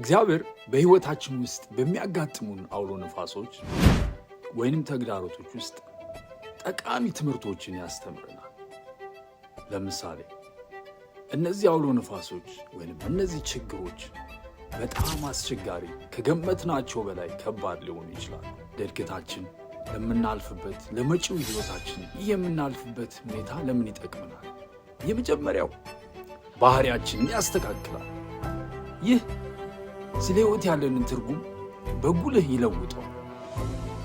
እግዚአብሔር በሕይወታችን ውስጥ በሚያጋጥሙን አውሎ ነፋሶች ወይንም ተግዳሮቶች ውስጥ ጠቃሚ ትምህርቶችን ያስተምረናል። ለምሳሌ እነዚህ አውሎ ነፋሶች ወይንም እነዚህ ችግሮች በጣም አስቸጋሪ፣ ከገመትናቸው በላይ ከባድ ሊሆኑ ይችላል። ለእድገታችን፣ ለምናልፍበት፣ ለመጪው ሕይወታችን ይህ የምናልፍበት ሁኔታ ለምን ይጠቅመናል? የመጀመሪያው ባህሪያችንን ያስተካክላል። ይህ ስለ ህይወት ያለንን ትርጉም በጉልህ ይለውጠው።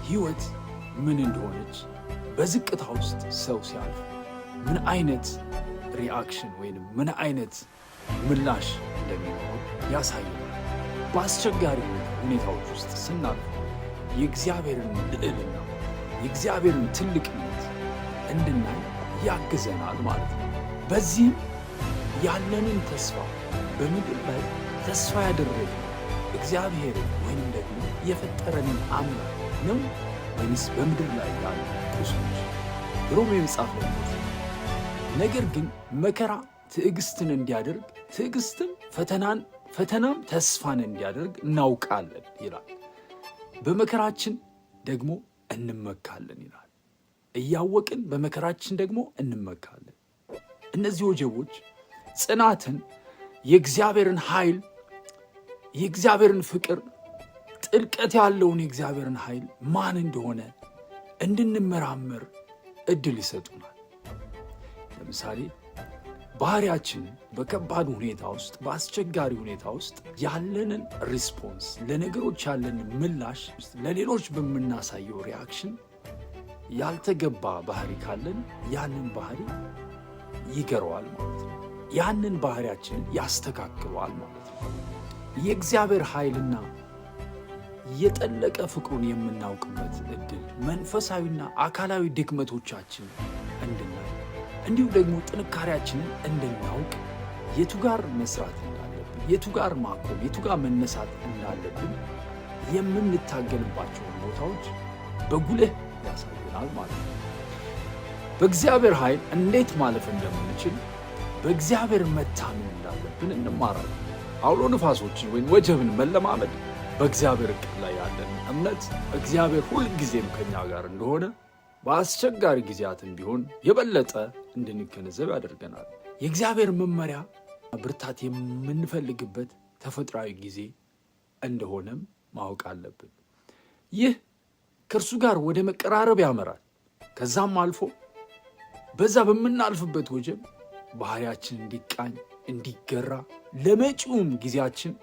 ህይወት ምን እንደሆነች በዝቅታ ውስጥ ሰው ሲያልፍ ምን አይነት ሪአክሽን ወይንም ምን አይነት ምላሽ እንደሚኖረው ያሳየናል። በአስቸጋሪ ሁኔታዎች ውስጥ ስናልፍ የእግዚአብሔርን ልዕልና የእግዚአብሔርን ትልቅነት እንድናይ ያግዘናል ማለት ነው። በዚህም ያለንን ተስፋ በምድር ላይ ተስፋ ያደረገ እግዚአብሔርን ወይም ደግሞ የፈጠረንን አምላክ ነው ወይንስ በምድር ላይ ያሉ ቁሶች? ሮሜ መጽሐፍ ላይ ነገር ግን መከራ ትዕግስትን እንዲያደርግ ትዕግስትም ፈተናን ፈተናም ተስፋን እንዲያደርግ እናውቃለን ይላል። በመከራችን ደግሞ እንመካለን ይላል። እያወቅን በመከራችን ደግሞ እንመካለን። እነዚህ ወጀቦች ጽናትን፣ የእግዚአብሔርን ኃይል የእግዚአብሔርን ፍቅር ጥልቀት ያለውን የእግዚአብሔርን ኃይል ማን እንደሆነ እንድንመራመር እድል ይሰጡናል። ለምሳሌ ባህሪያችን በከባድ ሁኔታ ውስጥ በአስቸጋሪ ሁኔታ ውስጥ ያለንን ሪስፖንስ፣ ለነገሮች ያለን ምላሽ፣ ለሌሎች በምናሳየው ሪያክሽን ያልተገባ ባህሪ ካለን ያንን ባህሪ ይገረዋል ማለት ነው። ያንን ባህሪያችንን ያስተካክለዋል ማለት ነው። የእግዚአብሔር ኃይልና የጠለቀ ፍቅሩን የምናውቅበት እድል መንፈሳዊና አካላዊ ድክመቶቻችን እንድናይ እንዲሁም ደግሞ ጥንካሬያችንን እንድናውቅ የቱ ጋር መስራት እንዳለብን፣ የቱ ጋር ማቆም፣ የቱ ጋር መነሳት እንዳለብን የምንታገልባቸውን ቦታዎች በጉልህ ያሳየናል ማለት ነው። በእግዚአብሔር ኃይል እንዴት ማለፍ እንደምንችል፣ በእግዚአብሔር መታመን እንዳለብን እንማራለን። አውሎ ንፋሶችን ወይም ወጀብን መለማመድ በእግዚአብሔር እቅድ ላይ ያለን እምነት እግዚአብሔር ሁልጊዜም ከኛ ጋር እንደሆነ በአስቸጋሪ ጊዜያትም ቢሆን የበለጠ እንድንገነዘብ ያደርገናል። የእግዚአብሔር መመሪያ ብርታት የምንፈልግበት ተፈጥሯዊ ጊዜ እንደሆነም ማወቅ አለብን። ይህ ከእርሱ ጋር ወደ መቀራረብ ያመራል። ከዛም አልፎ በዛ በምናልፍበት ወጀብ ባህሪያችን እንዲቃኝ እንዲገራ ለመጪውም ጊዜያችን